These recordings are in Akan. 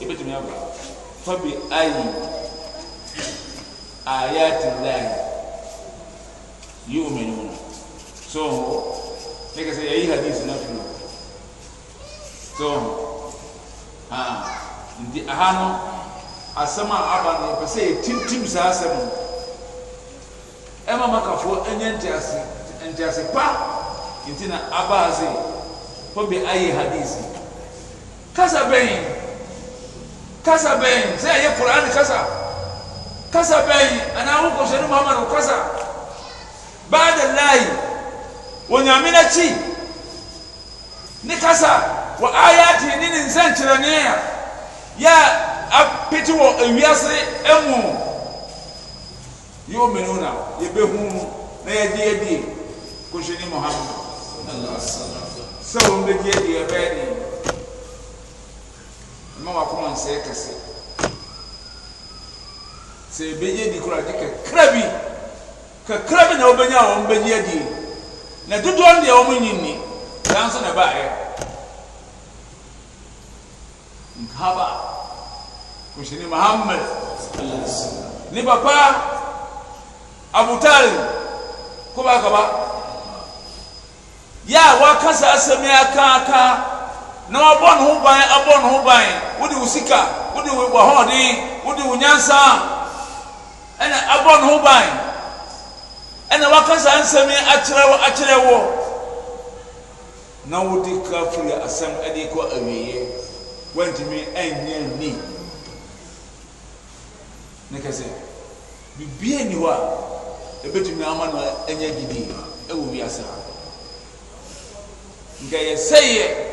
ebetumi aba fabi ayi ayati lai yi omenu so ne kasa yayi hadisi na filo so ha nti aha no asɛm a aba no ɛpɛ sɛ yɛtintim saa asɛm no ɛma makafoɔ ɛnyɛ ntease ntease pa nti na aba ase fabi ayi hadisi kasa bɛyin kasa bɛn sɛ ɛyɛ kur'an kasa kasa bɛn ana awo kɔsɛ ni muhammadu kasa baada laayi wɔ nyame n'akyi ne kasa wɔ ayati ne ne nsɛnkyerɛnneɛ a yɛ apete wɔ ewiase emu yɛ wɔ menu na yɛbɛhu na yɛdi yɛdi kɔsɛ ni muhammadu sɛ bɛ di yɛdi yɛbɛyɛ ni. maba kuman se kase se beyya di kuraji kakrai kakrap i nawu banya won banya di na dudo ya wu miyin ni dan so na baya nhaba kusheni muhamad ni bakpa abutal ko ba ka ba yawa kasa samia ka ka na wabɔ ne ho ban abɔ ne ho ban wode wo sika wode wahɔden wode wo nyansa ɛna abɔ ne ho ban ɛna waka saa nsɛm yi akyerɛ wo akyerɛ wo na wode ka firi asɛm ɛde kɔ awieɛ wantumi ɛnyɛ e ni ne kɛsɛ bibia nni hɔ a ɛbɛtumi ama no ɛnyɛ gyidi ɛwɔ e wiase ha nka yɛsɛyɛ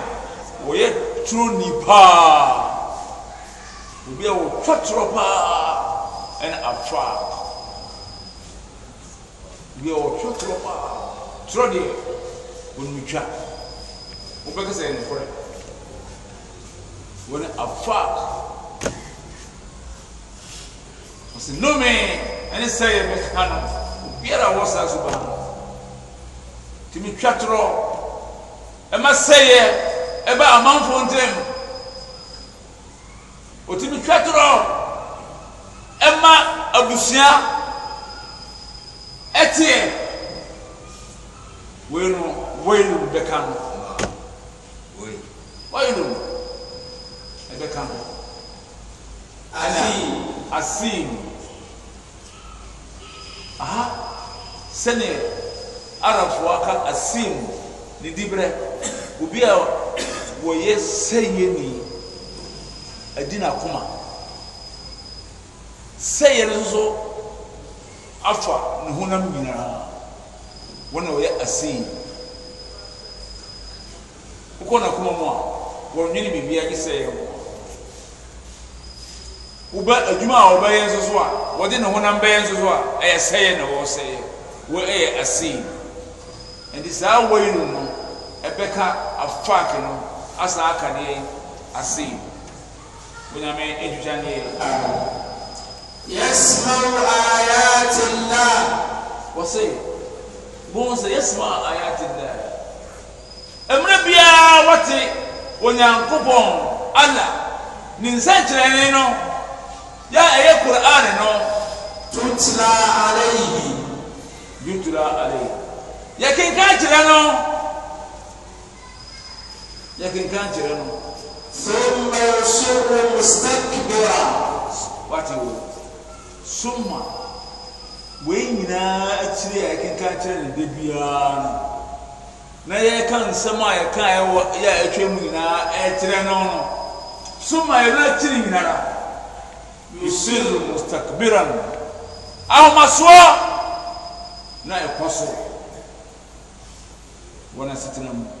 wɔyɛ turo ni paa obi a wɔtwa toro paa ɛna atwa obi a wɔtwa toro paa toro deɛ onutwa wobɛka sɛ nokorɛ wɔne afa ɔsɛ nome ɛne sɛyɛ mɛka no obiara wɔ saa so baa no tumi twa toro ɛma sɛyɛ ɛbɛ amanfoɔ ntɛm otimi twɛtorɔ ɛma abusua ɛteɛ wei no wei no bɛka no wei no ɛbɛka no asiim asiim aha sɛnea arabfoɔ aka asiim ne dibrɛ obi a wɔyɛ sɛyɛne adi nakoma sɛyɛ n sso afa ne honam nyinaaa wɔne ɔyɛ asei wokɔ nokoma mu a wɔnwene bibia ne sɛyɛ wo wob adwuma a ɔbɛyɛ sso a wɔde ne honam bɛyɛ s so a ɛyɛ sɛyɛn ne wɔ sɛyɛ w ɛyɛ asei ɛnti saa wɔyɛ nem no ɛbɛka afaakɛ no asa akadeɛ ase onyame adwudwa ne yɛ yasmau ayatillah wɔ se bohu sɛ yasmau ayatillah mmerɛ biara wɔte onyankopɔn ala ne nsɛnkyerɛnne no yɛ ɛyɛ qur'an no tutla alayhi yutla alayhi yɛkenkan kyerɛ no yɛkenka nkyerɛ no thumma yusiru mustakbira wate wo summa wei nyinaa akyiri a yɛkenka nkyerɛ ne da biara no na yɛka nsɛm a yɛka ɛwɔ yɛ a atwa mu nyinaa ɛkyerɛ no no summa yɛno akyiri nyinara yusiru mustakbira no ahomasoɔ na ɛkɔ so wɔn asetena mu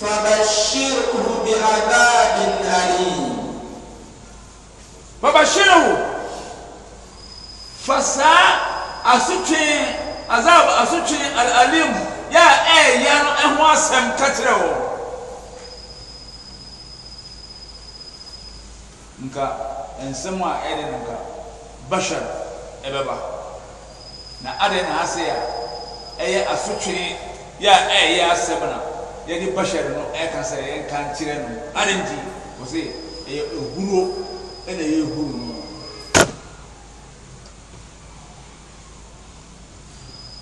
fa bahyere ho fa saa asotweni aza asotweni alalimu yɛa ɛɛya no ɛho asɛm kakrɛ wɔ nka ɛnsɛmu a ɛde noka bashar ɛbɛba na adɛn naase a ɛyɛ asotweni ya ɛɛya asɛm na yɛde bɛhyɛre no ɛka e sɛ yɛnka e nkyerɛ no ade nti wɔ se ɛyɛ e ɛhuro ɛna ɛyɛ ɛhuro no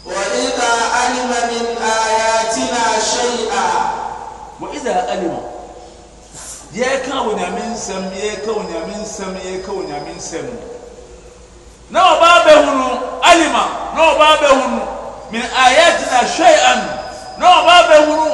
وإذا علم na ɔbaa bɛhu no alima na ɔbaa bɛhu no min ayatina shay'an na ɔbaa bɛhu no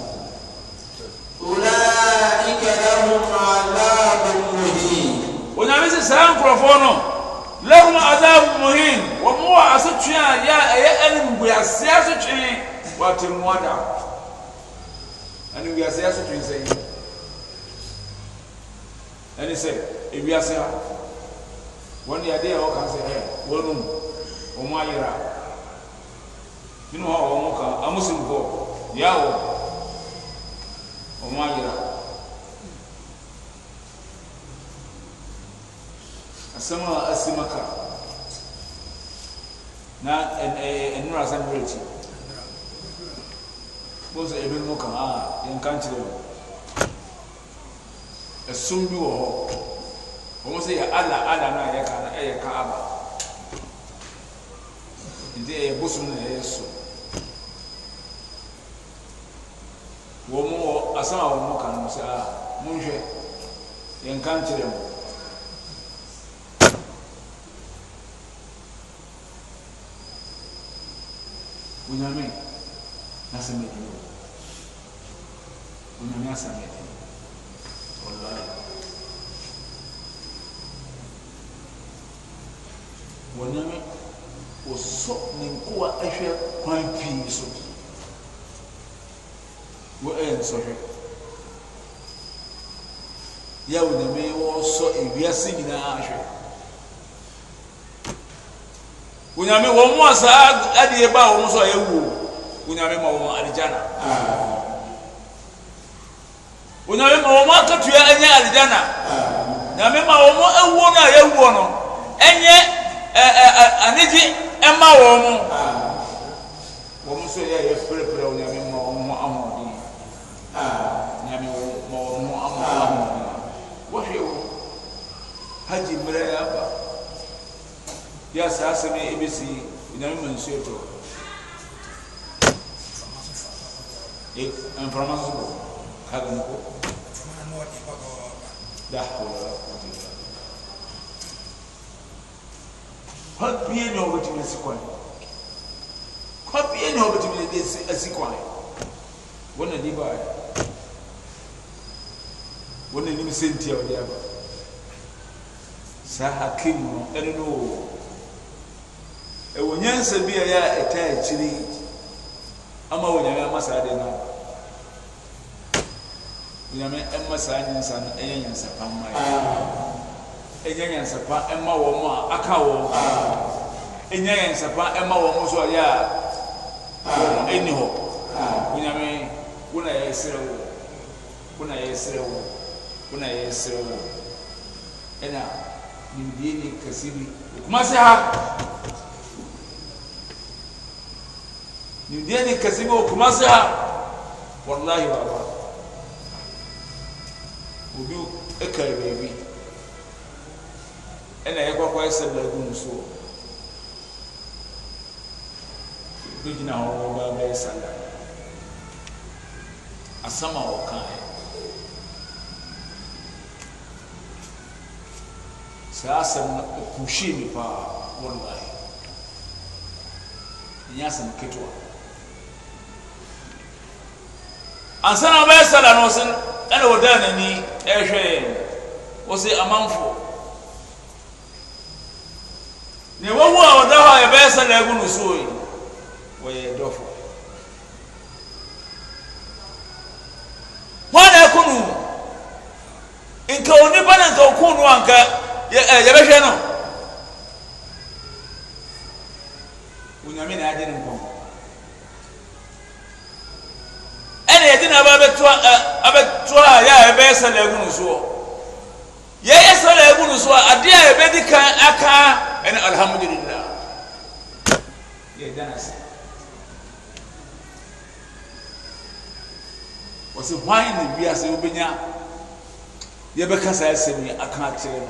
onyame saa nkurɔfoɔ no lahum adhabu muhin wɔmowɔ asotwe a yɛ ɛyɛ animguaseɛ asotwe wɔatemmuada animguaseɛ asotwe sɛ yi ɛne sɛ ewiase a wɔn deɛ adeɛ a wɔka sɛ ɛ wɔnum wɔn ayera a a wɔn ka amusimfoɔ omaayra asama asi maka na nurasabt boso ebimuka yankat asum bi wo omosayɛ ala alanayɛ ka aba nti yɛbusun nayys asɛm a wɔn ka no saa monhwɛ yɛnka nkyerɛ mu onyame n'asɛm adi o onyame asɛm adi ɔlɔre wɔnyame wɔsɔ ne nkoa ahwɛ kwan pii so wɔ ɛyɛ nsɔhwɛ yaw a onyame wɔsɔ ewiase nyinaa ahwɛ onyame wɔn mu a saa adeɛ ba a wɔn so a yɛwuo onyame ma wɔn aligyana onyame ma wɔn akatua ɛnyɛ aligyana nyame ma wɔn awuo no a yɛwuo no ɛnyɛ ɛɛ anigye ɛma wɔn wɔn yɛ yɛ saa asɛm yɛ ebesi nyame mu nsuo tɔ mframa nso bɔ kago mu kɔ da kɔpie ne ɔbɛtumi asi kwan kɔpie ne ɔbɛtumi de asi kwan wɔn ani baa wɔn anim sɛ ntia ɔde aba saa hakim no ɛno no wɔ ɛwɔ nyansa bi a ɛyɛ a ɛta akyiri ama wɔ nyame ama saa deɛ no nyame ɛma saa nyansa no ɛyɛ nyansa pa mma yɛ ɛnyɛ nyansa pa ɛma wɔn a aka wɔn ɛnyɛ nyansa pa ɛma wɔn nso a yɛ a ɛni hɔ nyame wo yɛ serɛ wo wo yɛ serɛ wo wo yɛ serɛ wo ɛna nimdie ni kɛse bi kumase ha. nimdeɛ ne kɛse bi wɔ kuma se a wallahi waaba obi kare baabi ɛna yɛkɔkɔ ɛsɛ baagu nsuo bi gyina hɔ wɔba bɛyɛ sanda asɛm a wɔkaeɛ saa asɛm no ɛpuhyie me paa wallahi ɛnyɛ asɛm ketewa ansa na ɔbɛyɛ sala no ɔsɛ ɛna ɔdaa n'ani ɛrehwɛ yɛn ɔsɛ amanfo nea wɔwu a ɔda hɔ a yɛbɛyɛ sala agu no so yi wɔyɛ dɔfo wɔn na ɛko no nka onipa na nka ɔko no anka yɛ ɛ yɛbɛhwɛ no onyame na agye ne nkɔn. Eh, abɛtoa a yɛ a yɛbɛyɛ sɛ lɛɛgu no soɔ yɛyɛ sɛ lɛɛgu no soɔ adeɛ a yɛbɛdi kan aka ɛne alhamdulillah yɛda no ase wɔsɛ hwan na wiase wobɛnya yɛbɛka saa asɛm yi aka akyerɛ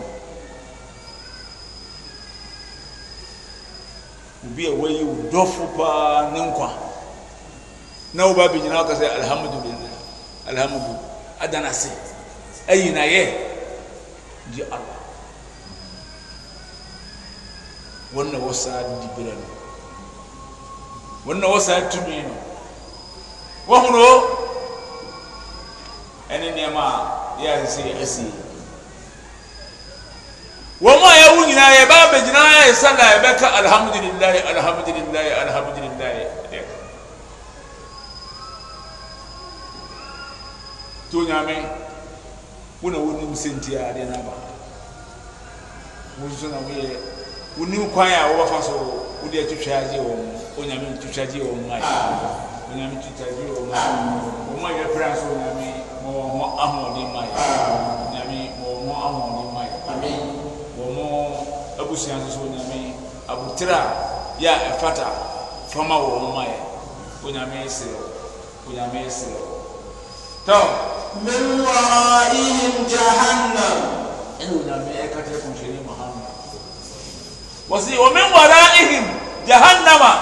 no obi a wayi wo dɔfo paa ne nkwa na woba bɛgyina woka sɛ alhamdulillah alhamdu adanase ẹyìn ayẹ di ala wọn na wọ saa dibira no wọn na wọ saa tumi no wɔhoro ɛne nneɛma a yɛ asese asi wɔn a yɛwo nyinaa yɛbɛ abɛgyina yɛ sanda yɛbɛka alhamdulilayi alhamdulilayi alhamdulilayi. nti onyame wona wonim sɛ nti a adeɛ no aba wo nso na woyɛ wonim kwan a wobɛfa so wode atwitwa agye wɔ m onyame ntwitwa gye wɔ mma onyame twitwa gye wɔ mma wɔn a yɛpra nso onyame ma wɔn ho ahoɔden mma yɛ onyame ma wɔn ho ahoɔden mma yɛ wɔn abusua nso so onyame abotire a yɛ a ɛfata fama wɔn mma yɛ onyame serɛ onyame serɛ tɔn. min wara'ihim jahannam ina me ya kace kun shi ne muhammad wasi wa min wara'ihim jahannama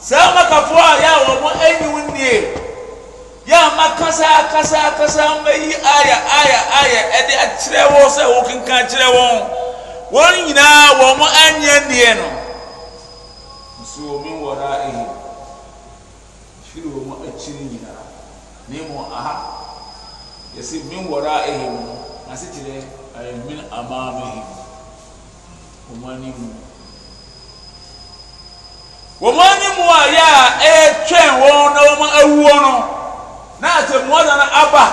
sama kafuwa ya wa mu aini wunne ya ma kasa kasa kasa mai aya aya aya ade a cire wo sai wo kin kan cire wo won nyina wo mu anya ne no su wa min wara'ihim shi wo mu a cire nyina ne mu aha yɛsi min wɔra ehim a yɛ a ɛretwɛn wɔn na wɔn awuo no na na aba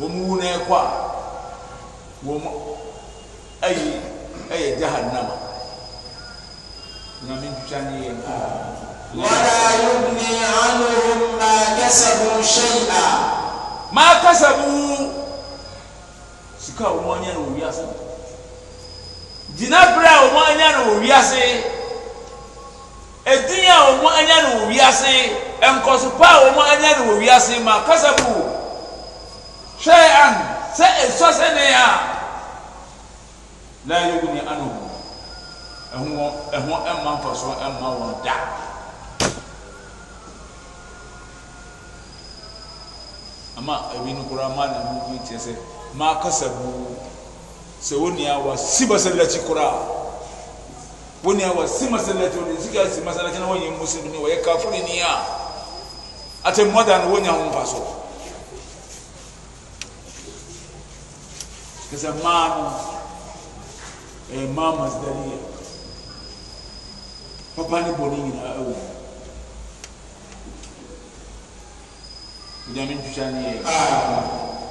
wɔn wu na a wɔn ayi ɛyɛ ha nam na mi ntwitwa ne yɛ maa kasa buu sika a wɔn anya no wɔ wiase gyinabere a wɔn anya no wɔ wiase edin a wɔn anya no wɔ wiase nkɔsopa a wɔn anya no wɔ wiase maa kasa buu hwɛ an sɛ esɔ sɛ ne a na yɛ wuli ano ho ɛho ɛho ɛma mfa ɛma wɔn da. ama ebi no koraa maa na mu bi tiɛ sɛ maa kasa buu sɛ wo nea wa si masalakyi kura wo nea wa si masalakyi wo de sika si masalakyi na wɔnyɛ muslim ni wɔyɛ kafiri ni ya ate mɔda no wonya ho mpa so sɛ maa no ɛyɛ maa masidaliya eh, papa ni bɔ ne nyinaa ɛwɔ nyame ntwitwa ne yɛ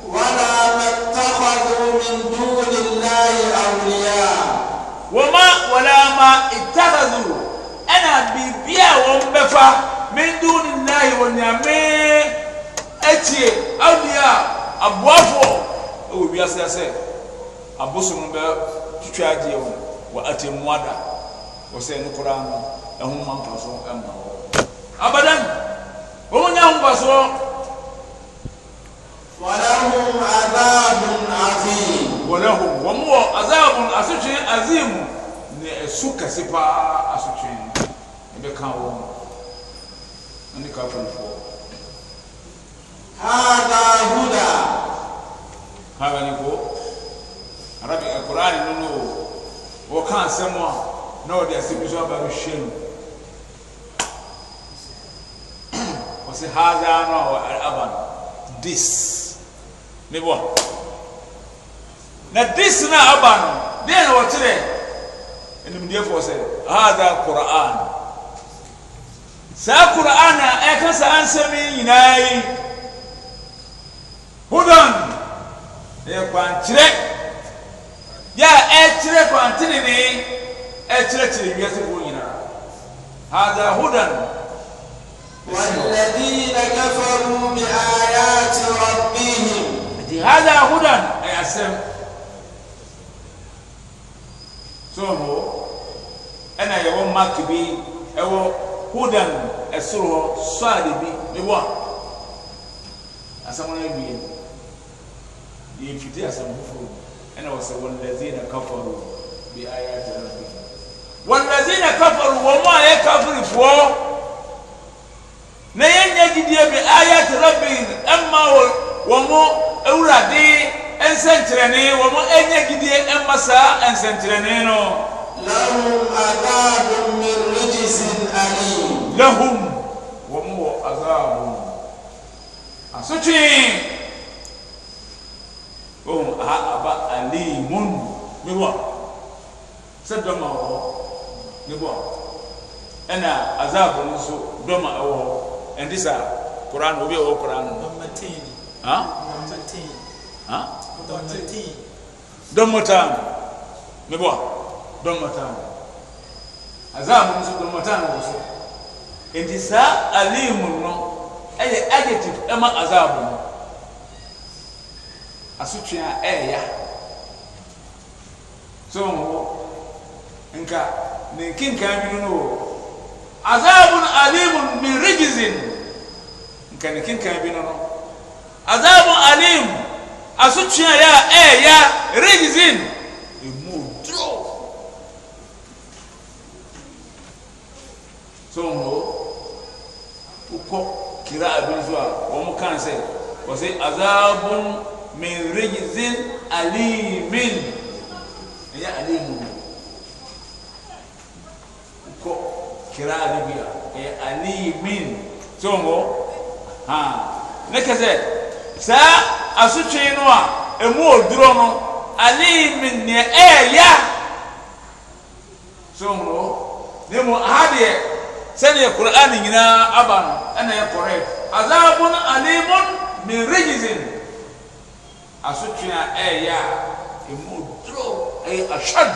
wala mattakhadhu min duni llahi awliya wɔma wala ma ittakhadhu ɛna biribi a wɔn bɛfa min duni llahi wɔ nyame akyi awliya aboafoɔ ɛwɔ wiase sɛ abosom bɛ twitwa agyeɛ wɔn wɔ atemmuada wɔ sɛ no koraa no ɛho ma mfa so ɛmma hɔ abadan wɔn nyɛ ahofasoɔ h ɔ m wɔ azabun asotwere azim ne asu kɛse pa asotwereno ɛɛka ɔ kaɔan ara akurane non wɔka asɛm a ne ɔde asɛbi so aba no hwɛ no ɔ sɛ haa no awɔ ne bɔ na dis na aba no deɛ na wɔkyerɛ enimdiefoɔ sɛ ahada kur'an saa kur'an a ɛka saa nsɛm yi nyinaa yi hudon ɛyɛ kwankyerɛ yɛ a ɛkyerɛ kwantenene ɛkyerɛkyerɛ wiasefoɔ nyinaa hada hudon والذين كفروا بآيات ربهم hada hudan ɛyɛ asɛm sɔrɔ hɔ ɛna yɛwɔ mark bi ɛwɔ hudan ɛsoro hɔ sɔade bi mebɔ a asɛm no awie yɛmfiti asɛm foforɔ ɛna wɔ sɛ wallazina kafaru bi ayati rabbihim wallazina kafaru wɔ mu a yɛ kafirifoɔ na yɛn nyɛ gyidie bi ayat rabbi ɛma wɔn awurade nsɛnkyerɛnne wɔn anya gidie mma saa nsɛnkyerɛnne no lahum adabun min rijisin alim lahum wɔn wɔ adabun asotwe ohun aha aba alimun ne bɔ sɛ dɔm a wɔ hɔ ne bɔ ɛna azabun nso dɔm a ɛwɔ hɔ koraa na obi a ɛwɔ koraa no. t dↄ batan ni ba dↄbta n azamun si dↄbta n inti sa alimun nɔ ayɛ ajetit ɛma azabu n asu ɛya so no nka niikinka bi ono wo azabun alimun ni rijizin nka ni kin ka bi nono adamu alim asotwea yɛ a ɛɛya eh rigzin ɛmu oduro so nwo wokɔ kiraa bi nso a wɔn kan sɛ wɔsɛ azabun min rigzin alimin ɛyɛ alimu wokɔ kiraa bi eh, bi a ɛyɛ alimin so nwo ha. ne kɛsɛ. sɛ asutwee no a ɛmuwo dro no alimin neɛ ɛɛya soh ne mu ahadeyɛ sɛneɛ kurane nyina aba nɔ ɛnɛɛ kɔrɛ azabon alimun min rigisin asutwe a ɛɛya ɛmuo dro ayɛ ashad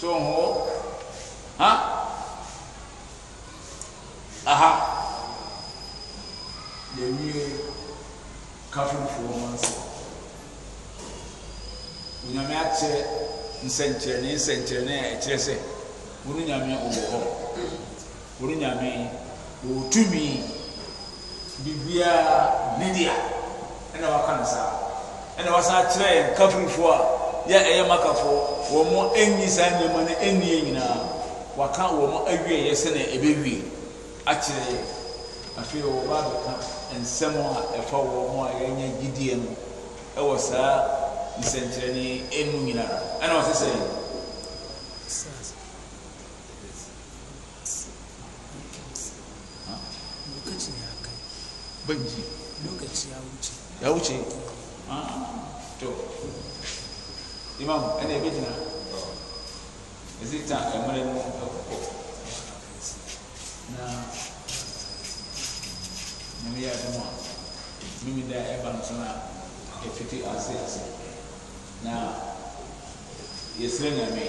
sohɔ aha kafo mfuo mu nsa onyame akyerɛ nsɛnkyerɛne nsɛnkyerɛne a ɛkyerɛ sɛ wɔn nyame ɔwɔ hɔ wɔn nyame ɔwɔ tumi biribiara ne dea ɛna waka no saa ɛna wasan akyerɛ yɛn kafirifoɔ a yɛ ɛyɛ makafoɔ wɔn mo ɛnyi saa nneɛma no ɛnni yɛ nyinaa waka wɔn awie yɛ sɛnɛ ɛbɛwie akyerɛ yɛn. afei wɔ ba abɛka nsɛm a ɛfa wɔn ho a yɛanya gyidie no ɛwɔ saa nsɛnkyerɛnne ɛnu nyinaa ɛna wɔte sɛ banji yawo ce ah, to imam ɛna ebe gyina ɛsi ta ɛmmerɛ mu ɛkɔ na nyame yɛ adom a ɛtumi da ɛba no so no a ɛfiti ase ase na yɛsrɛ nyame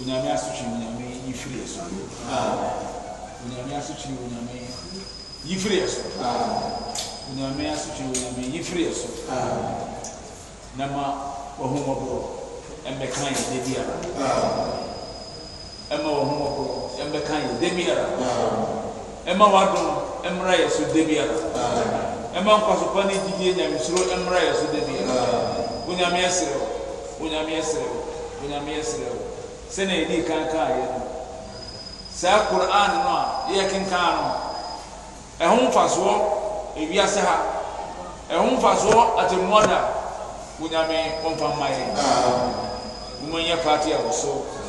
onyame asotwe onyame yi firi yɛ so ah. onyame asotwe onyame yi firi yɛ so ah. onyame asotwe onyame yi firi yɛ ah. na ma wahommɔborɔ ɛmmɛka yɛ da biara ɛma wahommɔborɔ ɛmmɛka yɛ da biara ɛma wadom mmra yɛ so da biara ɛma nkwasopa ne gyidie nyamesuro mmra yɛ so da biara onyame ɛserɛ wo onyame ɛserɛ wo onyame ɛserɛ wo sɛnea yɛdi kankan yɛ no saa koran no a yɛ kenkan no ɛho mfasoɔ ewiase ha ɛho mfasoɔ atemmɔda onyame wɔmfa mma yɛn mo nyɛ paati a wɔso